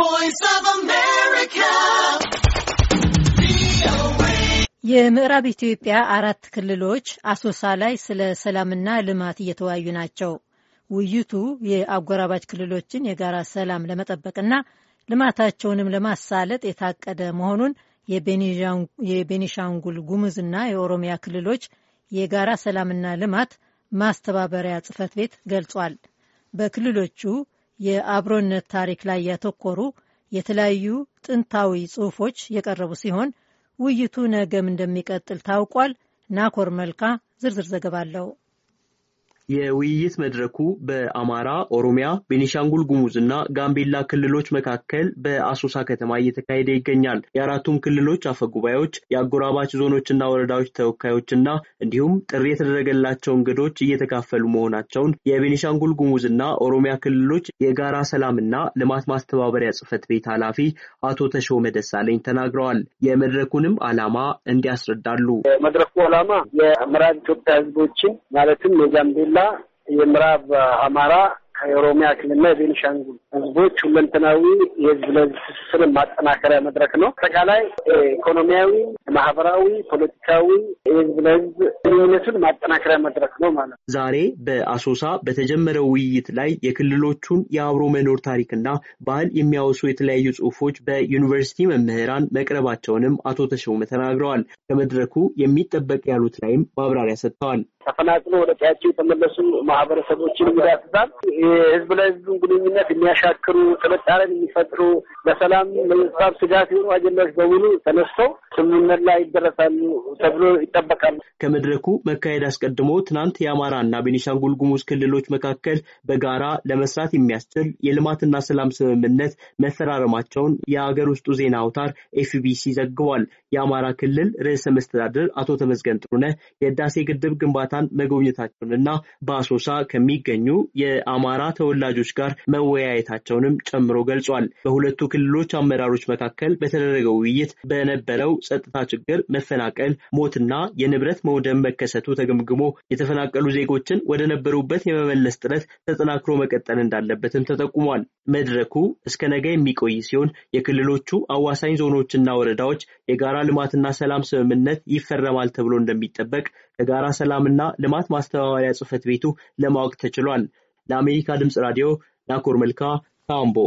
voice of America. የምዕራብ ኢትዮጵያ አራት ክልሎች አሶሳ ላይ ስለ ሰላምና ልማት እየተወያዩ ናቸው። ውይይቱ የአጎራባች ክልሎችን የጋራ ሰላም ለመጠበቅና ልማታቸውንም ለማሳለጥ የታቀደ መሆኑን የቤኒሻንጉል ጉሙዝና የኦሮሚያ ክልሎች የጋራ ሰላምና ልማት ማስተባበሪያ ጽህፈት ቤት ገልጿል። በክልሎቹ የአብሮነት ታሪክ ላይ ያተኮሩ የተለያዩ ጥንታዊ ጽሑፎች የቀረቡ ሲሆን ውይይቱ ነገም እንደሚቀጥል ታውቋል። ናኮር መልካ ዝርዝር ዘገባ አለው። የውይይት መድረኩ በአማራ፣ ኦሮሚያ፣ ቤኒሻንጉል ጉሙዝ እና ጋምቤላ ክልሎች መካከል በአሶሳ ከተማ እየተካሄደ ይገኛል። የአራቱም ክልሎች አፈጉባኤዎች፣ የአጎራባች ዞኖችና ወረዳዎች ተወካዮችና እንዲሁም ጥሪ የተደረገላቸው እንግዶች እየተካፈሉ መሆናቸውን የቤኒሻንጉል ጉሙዝ እና ኦሮሚያ ክልሎች የጋራ ሰላምና ልማት ማስተባበሪያ ጽህፈት ቤት ኃላፊ አቶ ተሾመ ደሳለኝ ተናግረዋል። የመድረኩንም ዓላማ እንዲያስረዳሉ። መድረኩ ዓላማ የምዕራብ ኢትዮጵያ ህዝቦችን ማለትም የጠቅላላ የምዕራብ አማራ ከኦሮሚያ ክልልና የቤንሻንጉል ህዝቦች ሁለንተናዊ የህዝብ ለህዝብ ትስስርን ማጠናከሪያ መድረክ ነው። አጠቃላይ ኢኮኖሚያዊ፣ ማህበራዊ፣ ፖለቲካዊ፣ የህዝብ ለህዝብ ግንኙነቱን ማጠናከሪያ መድረክ ነው ማለት ነው። ዛሬ በአሶሳ በተጀመረው ውይይት ላይ የክልሎቹን የአብሮ መኖር ታሪክና ባህል የሚያወሱ የተለያዩ ጽሁፎች በዩኒቨርሲቲ መምህራን መቅረባቸውንም አቶ ተሸውመ ተናግረዋል። ከመድረኩ የሚጠበቅ ያሉት ላይም ማብራሪያ ሰጥተዋል። ተፈናቅሎ ወደ ቀያቸው የተመለሱ ማህበረሰቦችን ይዳስሳል። የህዝብ ለህዝብ ግንኙነት የሚያሻክሩ ጥርጣሬን የሚፈጥሩ ለሰላም ለህዝብ ስጋት የሆኑ አጀንዳዎች በሙሉ ተነስተው ስምምነት ላይ ይደረሳሉ ተብሎ ይጠበቃል። ከመድረኩ መካሄድ አስቀድሞ ትናንት የአማራ እና ቤኒሻንጉል ጉሙዝ ክልሎች መካከል በጋራ ለመስራት የሚያስችል የልማትና ሰላም ስምምነት መፈራረማቸውን የሀገር ውስጡ ዜና አውታር ኤፍቢሲ ዘግቧል። የአማራ ክልል ርዕሰ መስተዳድር አቶ ተመስገን ጥሩነህ የህዳሴ ግድብ ግንባታን መጎብኘታቸውንና በአሶሳ ከሚገኙ የአማራ ተወላጆች ጋር መወያየታቸውንም ጨምሮ ገልጿል። በሁለቱ ክልሎች አመራሮች መካከል በተደረገው ውይይት በነበረው ጸጥታ ችግር መፈናቀል፣ ሞትና የንብረት መውደም መከሰቱ ተገምግሞ የተፈናቀሉ ዜጎችን ወደ ነበሩበት የመመለስ ጥረት ተጠናክሮ መቀጠል እንዳለበትም ተጠቁሟል። መድረኩ እስከ ነገ የሚቆይ ሲሆን የክልሎቹ አዋሳኝ ዞኖችና ወረዳዎች የጋራ ልማትና ሰላም ስምምነት ይፈረማል ተብሎ እንደሚጠበቅ ከጋራ ሰላምና ልማት ማስተባበሪያ ጽህፈት ቤቱ ለማወቅ ተችሏል። ለአሜሪካ ድምፅ ራዲዮ ናኮር መልካ ካምቦ